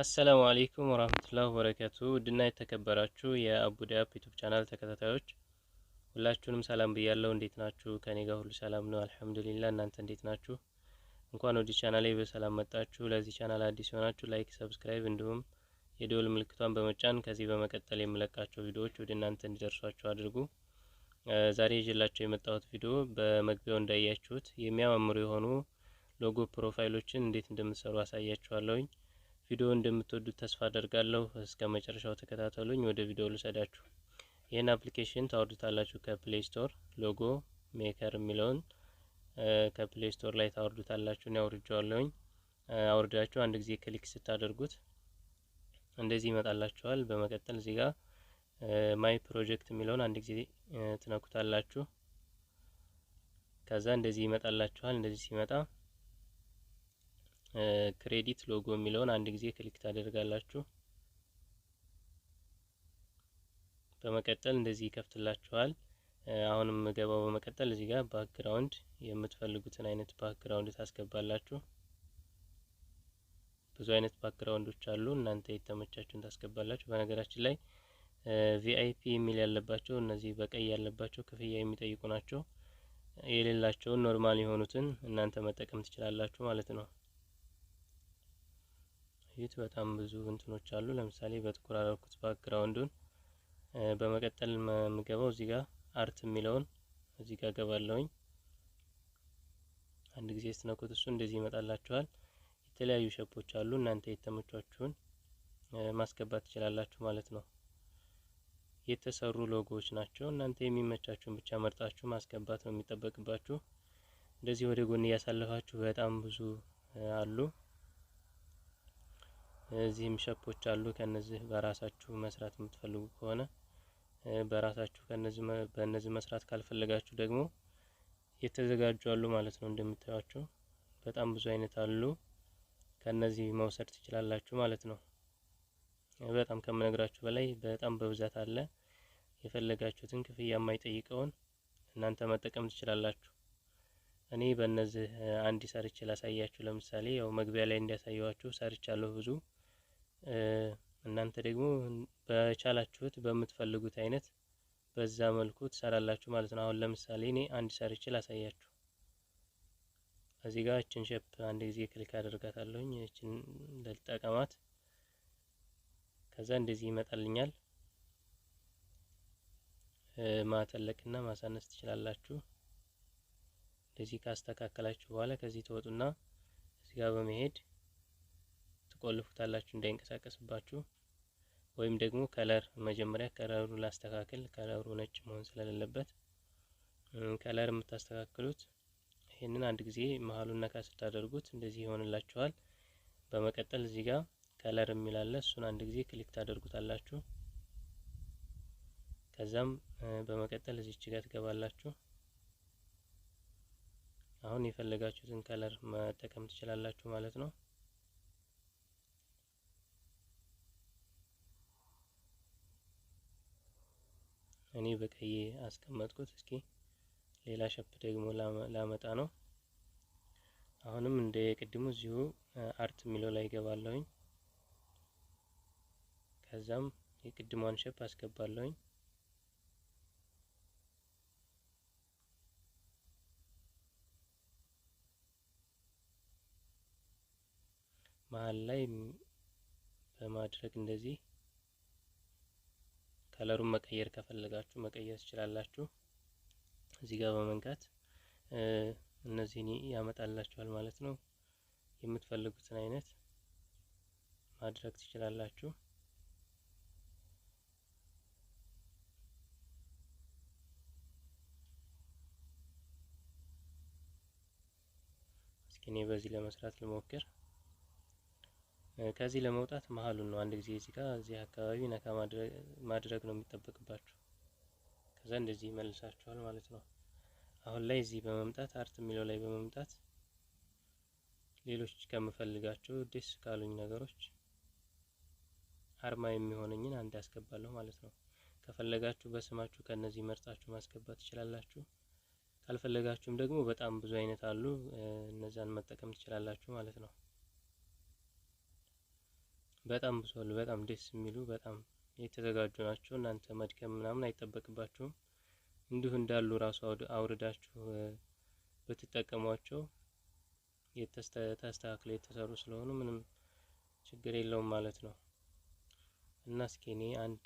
አሰላሙ አሌይኩም ወራህመቱላሂ ወበረካቱ ውድና የተከበራችሁ የአቡዳብ ዩቱብ ቻናል ተከታታዮች ሁላችሁንም ሰላም ብያለሁ። እንዴት ናችሁ? ከኔ ጋር ሁሉ ሰላም ነው አልሐምዱሊላ። እናንተ እንዴት ናችሁ? እንኳን ወደ ቻናሌ በሰላም መጣችሁ። ለዚህ ቻናል አዲስ የሆናችሁ ላይክ፣ ሰብስክራይብ እንዲሁም የደወል ምልክቷን በመጫን ከዚህ በመቀጠል የምለቃቸው ቪዲዮዎች ወደ እናንተ እንዲደርሷችሁ አድርጉ። ዛሬ ይዤላችሁ የመጣሁት ቪዲዮ በመግቢያው እንዳያችሁት የሚያማምሩ የሆኑ ሎጎ ፕሮፋይሎችን እንዴት እንደምትሰሩ አሳያችኋለሁኝ። ቪዲዮ እንደምትወዱት ተስፋ አደርጋለሁ። እስከ መጨረሻው ተከታተሉኝ። ወደ ቪዲዮ ልሰዳችሁ። ይህን አፕሊኬሽን ታወርዱታላችሁ ከፕሌይ ስቶር። ሎጎ ሜከር የሚለውን ከፕሌይ ስቶር ላይ ታወርዱታላችሁ። እኔ አውርጄዋለሁኝ። አውርዳችሁ አንድ ጊዜ ክሊክ ስታደርጉት እንደዚህ ይመጣላችኋል። በመቀጠል እዚህ ጋር ማይ ፕሮጀክት የሚለውን አንድ ጊዜ ትነኩታላችሁ። ከዛ እንደዚህ ይመጣላችኋል። እንደዚህ ሲመጣ ክሬዲት ሎጎ የሚለውን አንድ ጊዜ ክሊክ ታደርጋላችሁ። በመቀጠል እንደዚህ ይከፍትላችኋል። አሁንም ምገባው በመቀጠል እዚህ ጋር ባክግራውንድ የምትፈልጉትን አይነት ባክግራውንድ ታስገባላችሁ። ብዙ አይነት ባክግራውንዶች አሉ። እናንተ የተመቻችሁን ታስገባላችሁ። በነገራችን ላይ ቪአይፒ የሚል ያለባቸው እነዚህ በቀይ ያለባቸው ክፍያ የሚጠይቁ ናቸው። የሌላቸውን ኖርማል የሆኑትን እናንተ መጠቀም ትችላላችሁ ማለት ነው። ፊት በጣም ብዙ እንትኖች አሉ። ለምሳሌ በጥቁር አደረኩት ባክግራውንዱን። በመቀጠል የምገባው እዚህ ጋር አርት የሚለውን እዚህ ጋር ገባለሁኝ። አንድ ጊዜ ስትነኩት እሱ እንደዚህ ይመጣላችኋል። የተለያዩ ሸፖች አሉ። እናንተ የተመቿችሁን ማስገባት ትችላላችሁ ማለት ነው። የተሰሩ ሎጎዎች ናቸው። እናንተ የሚመቻችሁን ብቻ መርጣችሁ ማስገባት ነው የሚጠበቅባችሁ። እንደዚህ ወደ ጎን እያሳለፋችሁ በጣም ብዙ አሉ። እዚህም ሸፖች አሉ። ከነዚህ በራሳችሁ መስራት የምትፈልጉ ከሆነ በራሳችሁ ከነዚህ በእነዚህ መስራት ካልፈለጋችሁ ደግሞ የተዘጋጁ አሉ ማለት ነው። እንደምታዩቸው በጣም ብዙ አይነት አሉ። ከነዚህ መውሰድ ትችላላችሁ ማለት ነው። በጣም ከምነግራችሁ በላይ በጣም በብዛት አለ። የፈለጋችሁትን ክፍያ የማይጠይቀውን እናንተ መጠቀም ትችላላችሁ። እኔ በእነዚህ አንድ ሰርቼ ላሳያችሁ። ለምሳሌ ያው መግቢያ ላይ እንዲያሳየዋችሁ ሰርቻለሁ ብዙ እናንተ ደግሞ በቻላችሁት በምትፈልጉት አይነት በዛ መልኩ ትሰራላችሁ ማለት ነው። አሁን ለምሳሌ እኔ አንድ ሰርቼ አሳያችሁ። እዚህ ጋር እችን ሼፕ አንድ ጊዜ ክሊክ አደርጋታለሁኝ። እችን ልጠቀማት። ከዛ እንደዚህ ይመጣልኛል። ማተለቅና ማሳነስ ትችላላችሁ። እንደዚህ ካስተካከላችሁ በኋላ ከዚህ ትወጡና እዚህ ጋር በመሄድ ትቆልፉታላችሁ እንዳይንቀሳቀስባችሁ። ወይም ደግሞ ከለር መጀመሪያ ከለሩ ላስተካክል። ከለሩ ነጭ መሆን ስለሌለበት ከለር የምታስተካክሉት ይህንን አንድ ጊዜ መሀሉን ነካ ስታደርጉት እንደዚህ ይሆንላችኋል። በመቀጠል እዚህ ጋር ከለር የሚላለ እሱን አንድ ጊዜ ክሊክ ታደርጉታላችሁ። ከዛም በመቀጠል እዚች ጋር ትገባላችሁ። አሁን የፈለጋችሁትን ከለር መጠቀም ትችላላችሁ ማለት ነው። እኔ በቀይ አስቀመጥኩት። እስኪ ሌላ ሸፕ ደግሞ ላመጣ ነው። አሁንም እንደ ቅድሙ እዚሁ አርት የሚለው ላይ ይገባለሁኝ። ከዛም የቅድሟን ሸፕ አስገባለሁኝ። መሀል ላይ በማድረግ እንደዚህ ከለሩን መቀየር ከፈለጋችሁ መቀየር ትችላላችሁ። እዚህ ጋር በመንካት እነዚህን ያመጣላችኋል ማለት ነው። የምትፈልጉትን አይነት ማድረግ ትችላላችሁ። እስኪ እኔ በዚህ ለመስራት ልሞክር። ከዚህ ለመውጣት መሀሉን ነው አንድ ጊዜ እዚህ ጋር እዚህ አካባቢ ነካ ማድረግ ነው የሚጠበቅባችሁ። ከዛ እንደዚህ ይመልሳችኋል ማለት ነው። አሁን ላይ እዚህ በመምጣት አርት የሚለው ላይ በመምጣት ሌሎች ከምፈልጋቸው ደስ ካሉኝ ነገሮች አርማ የሚሆነኝን አንድ ያስገባለሁ ማለት ነው። ከፈለጋችሁ በስማችሁ ከነዚህ መርጣችሁ ማስገባት ትችላላችሁ። ካልፈለጋችሁም ደግሞ በጣም ብዙ አይነት አሉ፣ እነዛን መጠቀም ትችላላችሁ ማለት ነው። በጣም ብዙ አሉ። በጣም ደስ የሚሉ በጣም የተዘጋጁ ናቸው። እናንተ መድከም ምናምን አይጠበቅባችሁም። እንዲሁ እንዳሉ ራሱ አውርዳችሁ ብትጠቀሟቸው ተስተካክለው የተሰሩ ስለሆኑ ምንም ችግር የለውም ማለት ነው። እና እስኪ እኔ አንድ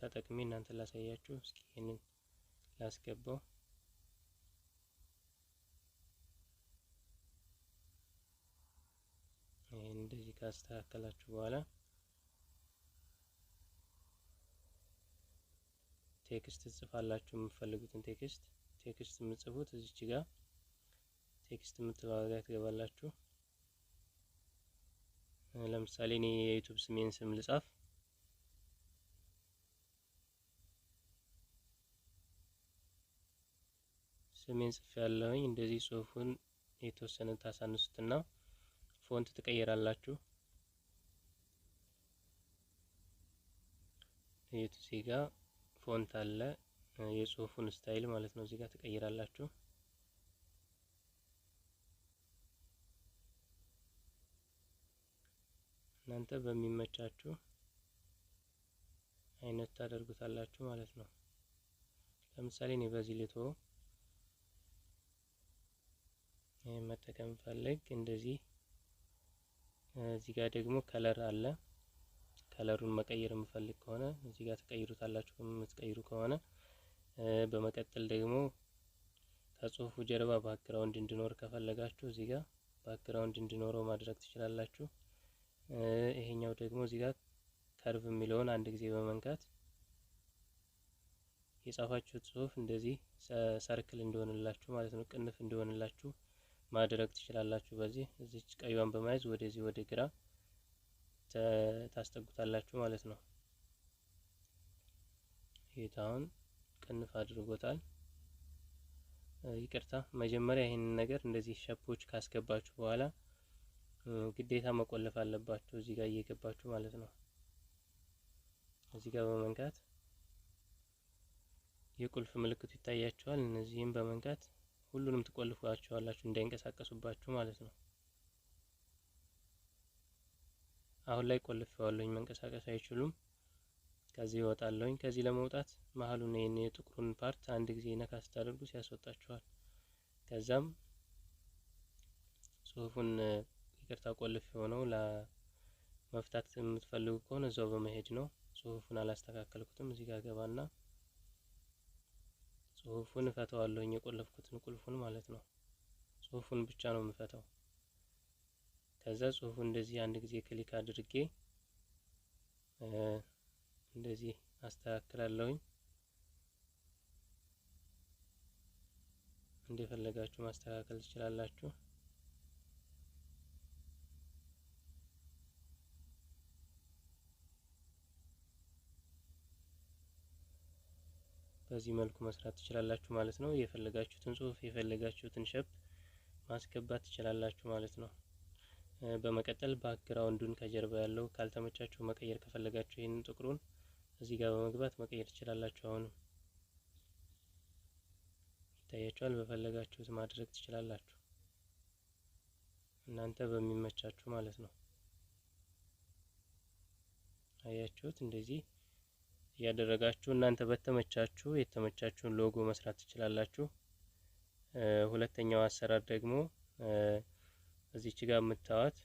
ተጠቅሜ እናንተ ላሳያችሁ። እስኪ ይህንን ላስገባው እንደዚህ ካስተካከላችሁ በኋላ ቴክስት ትጽፋላችሁ። የምትፈልጉትን ቴክስት ቴክስት የምትጽፉት እዚች ጋር ቴክስት የምትለው ጋር ትገባላችሁ። ለምሳሌ እኔ የዩቱብ ስሜን ስም ልጻፍ ስሜን ጽፍ ያለውኝ እንደዚህ ጽሁፉን የተወሰነ ታሳንሱትና ፎንት ትቀይራላችሁ። እዩት፣ እዚህ ፎንት አለ፣ የጽሁፉን ስታይል ማለት ነው። እዚህ ጋር ትቀይራላችሁ። እናንተ በሚመቻችሁ አይነት ታደርጉታላችሁ ማለት ነው። ለምሳሌ እኔ በዚህ ልቶ መጠቀም ፈለግ እንደዚህ እዚህ ጋር ደግሞ ከለር አለ። ከለሩን መቀየር የምፈልግ ከሆነ እዚህ ጋር ተቀይሩታላችሁ የምትቀይሩ ከሆነ በመቀጠል ደግሞ ከጽሁፉ ጀርባ ባክግራውንድ እንዲኖር ከፈለጋችሁ እዚህ ጋር ባክግራውንድ እንዲኖረው ማድረግ ትችላላችሁ። ይሄኛው ደግሞ እዚህ ጋር ከርቭ የሚለውን አንድ ጊዜ በመንካት የጻፋችሁት ጽሁፍ እንደዚህ ሰርክል እንዲሆንላችሁ ማለት ነው፣ ቅንፍ እንዲሆንላችሁ ማድረግ ትችላላችሁ። በዚህ እዚች ቀይዋን በመያዝ ወደዚህ ወደ ግራ ታስጠጉታላችሁ ማለት ነው። ጌታውን ቅንፍ አድርጎታል። ይቅርታ መጀመሪያ ይህንን ነገር እንደዚህ ሸፖች ካስገባችሁ በኋላ ግዴታ መቆለፍ አለባችሁ። እዚህ ጋር እየገባችሁ ማለት ነው። እዚህ ጋር በመንካት የቁልፍ ምልክቱ ይታያችኋል። እነዚህም በመንካት ሁሉንም ትቆልፏቸዋላችሁ እንዳይንቀሳቀሱባችሁ ማለት ነው። አሁን ላይ ቆልፌዋለሁኝ፣ መንቀሳቀስ አይችሉም። ከዚህ ይወጣለሁኝ። ከዚህ ለመውጣት መሀሉን ይህን የጥቁሩን ፓርት አንድ ጊዜ ነካ ስታደርጉ ሲያስወጣችኋል። ከዛም ጽሁፉን ይቅርታ ቆልፍ የሆነው ለመፍታት የምትፈልጉ ከሆነ እዛው በመሄድ ነው። ጽሁፉን አላስተካከልኩትም። እዚህ ጋር ገባና ጽሁፉን እፈተዋለሁኝ የቆለፍኩትን ቁልፉን ማለት ነው። ጽሁፉን ብቻ ነው የምፈተው። ከዛ ጽሁፉን እንደዚህ አንድ ጊዜ ክሊክ አድርጌ እንደዚህ አስተካክላለሁኝ። እንደፈለጋችሁ ማስተካከል ትችላላችሁ። በዚህ መልኩ መስራት ትችላላችሁ ማለት ነው። የፈለጋችሁትን ጽሁፍ የፈለጋችሁትን ሸፕ ማስገባት ትችላላችሁ ማለት ነው። በመቀጠል ባክግራውንዱን ከጀርባ ያለው ካልተመቻችሁ መቀየር ከፈለጋችሁ ይህንን ጥቁሩን እዚህ ጋር በመግባት መቀየር ትችላላችሁ። አሁንም ይታያችኋል። በፈለጋችሁት ማድረግ ትችላላችሁ እናንተ በሚመቻችሁ ማለት ነው። አያችሁት እንደዚህ እያደረጋችሁ እናንተ በተመቻችሁ የተመቻችሁን ሎጎ መስራት ትችላላችሁ። ሁለተኛው አሰራር ደግሞ እዚች ጋር የምታዋት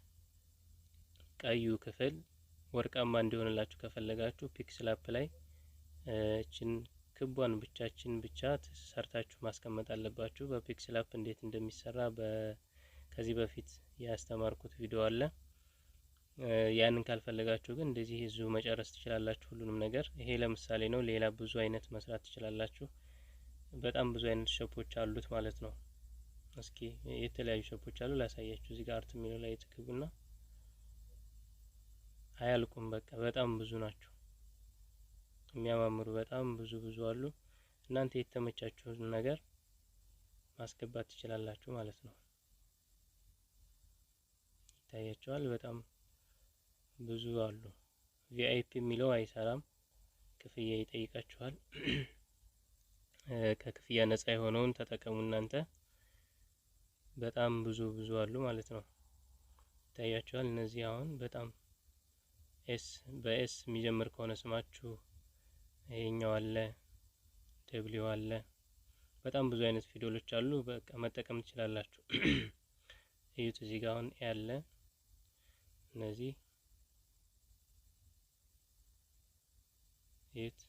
ቀዩ ክፍል ወርቃማ እንዲሆንላችሁ ከፈለጋችሁ ፒክስል አፕ ላይ እችን ክቧን ብቻችን ብቻ ሰርታችሁ ማስቀመጥ አለባችሁ። በፒክስል አፕ እንዴት እንደሚሰራ ከዚህ በፊት ያስተማርኩት ቪዲዮ አለ። ያንን ካልፈለጋችሁ ግን እንደዚህ እዚሁ መጨረስ ትችላላችሁ ሁሉንም ነገር። ይሄ ለምሳሌ ነው። ሌላ ብዙ አይነት መስራት ትችላላችሁ። በጣም ብዙ አይነት ሸፖች አሉት ማለት ነው። እስኪ የተለያዩ ሸፖች አሉ ላሳያችሁ። እዚህ ጋር አርት የሚለው ላይ ትገቡና አያልቁም። በቃ በጣም ብዙ ናቸው የሚያማምሩ በጣም ብዙ ብዙ አሉ። እናንተ የተመቻችሁን ነገር ማስገባት ትችላላችሁ ማለት ነው። ይታያችኋል በጣም ብዙ አሉ። ቪአይፒ የሚለው አይሰራም፣ ክፍያ ይጠይቃችኋል። ከክፍያ ነጻ የሆነውን ተጠቀሙ እናንተ። በጣም ብዙ ብዙ አሉ ማለት ነው። ይታያችኋል። እነዚህ አሁን በጣም ኤስ በኤስ የሚጀምር ከሆነ ስማችሁ ይሄኛው አለ፣ ደብሊው አለ። በጣም ብዙ አይነት ፊደሎች አሉ። በቃ መጠቀም ትችላላችሁ። እዩት። እዚህ ጋር አሁን ያለ እነዚህ የት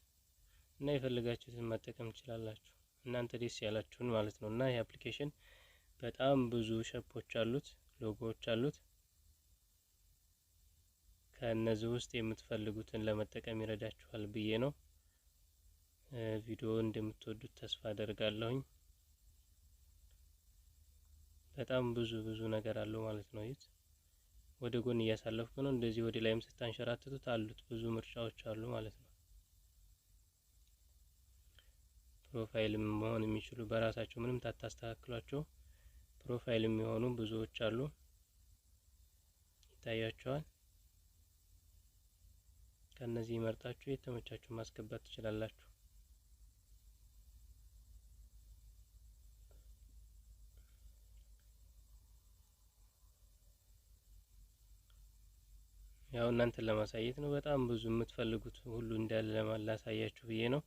እና የፈለጋችሁትን መጠቀም ትችላላችሁ። እናንተ ደስ ያላችሁን ማለት ነው። እና ይህ አፕሊኬሽን በጣም ብዙ ሸፖች አሉት፣ ሎጎዎች አሉት። ከእነዚህ ውስጥ የምትፈልጉትን ለመጠቀም ይረዳችኋል ብዬ ነው። ቪዲዮ እንደምትወዱት ተስፋ አደርጋለሁኝ። በጣም ብዙ ብዙ ነገር አለው ማለት ነው። የት ወደ ጎን እያሳለፍኩ ነው። እንደዚህ ወደ ላይም ስታንሸራትቱት አሉት ብዙ ምርጫዎች አሉ ማለት ነው። ፕሮፋይልም መሆን የሚችሉ በራሳቸው ምንም ታታስተካክሏቸው ፕሮፋይል የሚሆኑ ብዙዎች አሉ። ይታያቸዋል። ከነዚህ መርጣችሁ የተመቻችሁ ማስገባት ትችላላችሁ። ያው እናንተን ለማሳየት ነው። በጣም ብዙ የምትፈልጉት ሁሉ እንዳለ ላሳያችሁ ብዬ ነው።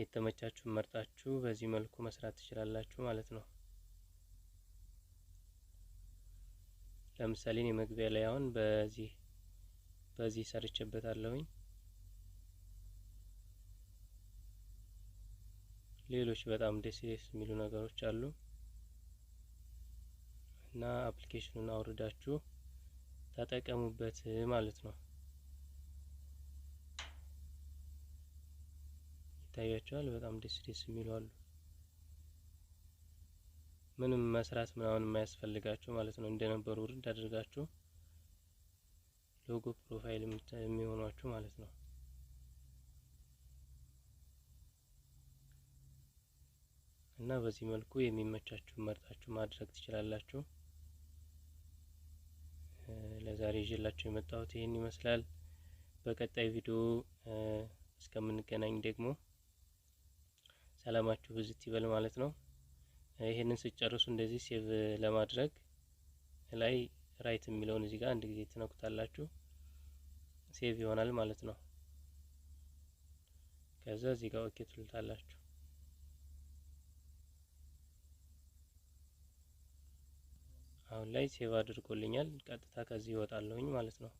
የተመቻችሁን መርጣችሁ በዚህ መልኩ መስራት ትችላላችሁ ማለት ነው። ለምሳሌ እኔ መግቢያ ላይ አሁን በዚህ በዚህ ሰርቼበታለሁኝ። ሌሎች በጣም ደስ ደስ የሚሉ ነገሮች አሉ እና አፕሊኬሽኑን አውርዳችሁ ተጠቀሙበት ማለት ነው። ይታያቸዋል። በጣም ደስ ደስ የሚሉ አሉ። ምንም መስራት ምናምን የማያስፈልጋቸው ማለት ነው። እንደነበሩ ውርድ አድርጋችሁ ሎጎ ፕሮፋይል የሚሆኗችሁ ማለት ነው። እና በዚህ መልኩ የሚመቻችሁ መርጣችሁ ማድረግ ትችላላችሁ። ለዛሬ ይዤላችሁ የመጣሁት ይህን ይመስላል። በቀጣይ ቪዲዮ እስከምንገናኝ ደግሞ ሰላማችሁ ብዝት ይበል ማለት ነው። ይህንን ስጨርሱ እንደዚህ ሴቭ ለማድረግ ላይ ራይት የሚለውን እዚህ ጋር አንድ ጊዜ ትነኩታላችሁ። ሴቭ ይሆናል ማለት ነው። ከዛ እዚህ ጋር ኦኬ ትሉታላችሁ። አሁን ላይ ሴቭ አድርጎልኛል። ቀጥታ ከዚህ ይወጣለሁኝ ማለት ነው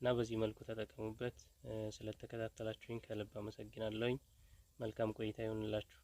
እና በዚህ መልኩ ተጠቀሙበት። ስለተከታተላችሁኝ ከልብ አመሰግናለሁኝ። መልካም ቆይታ ይሆንላችሁ።